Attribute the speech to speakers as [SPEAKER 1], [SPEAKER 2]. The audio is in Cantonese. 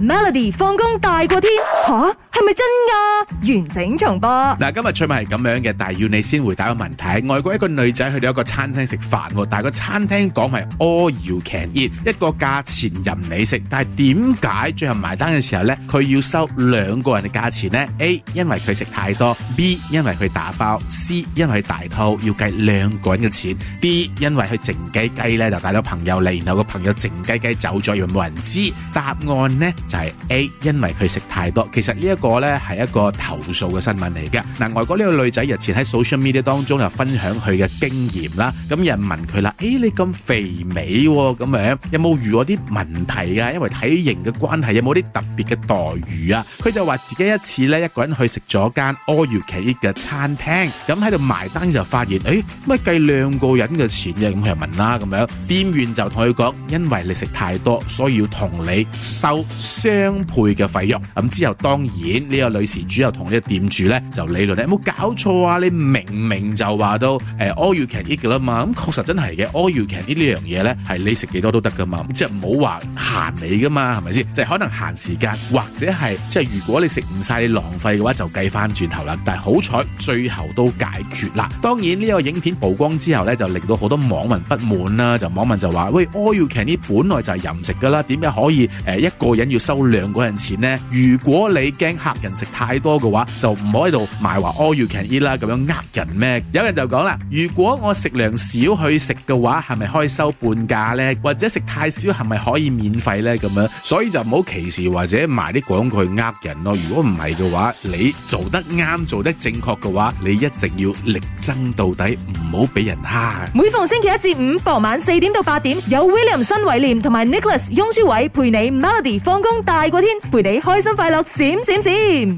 [SPEAKER 1] Melody 放工大過天，吓？係咪真㗎？完整重播！嗱，今日出咪係咁樣嘅，但係要你先回答個問題。外國一個女仔去到一個餐廳食飯，但係個餐廳講係 All you can eat，一個價錢任你食。但係點解最後埋單嘅時候呢？佢要收兩個人嘅價錢呢？A，因為佢食太多；B，因為佢打包；C，因為大肚要計兩個人嘅錢；D，因為佢靜雞雞呢，就帶咗朋友嚟，然後個朋友靜雞雞走咗，又冇人知。答案呢？就係 A，因為佢食太多。其實呢一個咧係一個投訴嘅新聞嚟嘅。嗱，外國呢個女仔日前喺 social media 當中就分享佢嘅經驗啦。咁有人問佢啦：誒你咁肥美喎，咁樣有冇遇過啲問題啊？因為體型嘅關係，有冇啲特別嘅待遇啊？佢就話自己一次咧一個人去食咗間 all you can eat 嘅餐廳，咁喺度埋單就發現，誒乜計兩個人嘅錢啫。咁佢就問啦，咁樣店員就同佢講：因為你食太多，所以要同你收，雙倍嘅費用，咁、嗯、之後當然呢、呢個女事主又同呢個店主咧就理論咧，有冇搞錯啊？你明明就話到誒 all you can eat 嘅啦嘛，咁、嗯、確實真係嘅 all you can eat 呢樣嘢咧係你食幾多都得噶嘛，即係唔好話限你噶嘛，係咪先？即就是、可能限時間或者係即係如果你食唔晒你浪費嘅話就計翻轉頭啦。但係好彩最後都解決啦。當然呢、呢個影片曝光之後咧，就令到好多網民不滿啦。就網民就話喂，all you can eat 本來就係任食噶啦，點解可以誒、呃、一個人要收兩個人錢呢？如果你驚客人食太多嘅話，就唔好喺度賣話 all you can eat 啦，咁樣呃人咩？有人就講啦，如果我食量少去食嘅話，係咪可以收半價呢？或者食太少係咪可以免費呢？咁樣，所以就唔好歧視或者賣啲廣告去呃人咯。如果唔係嘅話，你做得啱，做得正確嘅話，你一定要力爭到底，唔好俾人蝦。每逢星期一至五傍晚四點到八點，有 William 新偉廉同埋 Nicholas 雍書偉陪你 Melody 放工。大過天，陪你開心快樂，閃閃閃。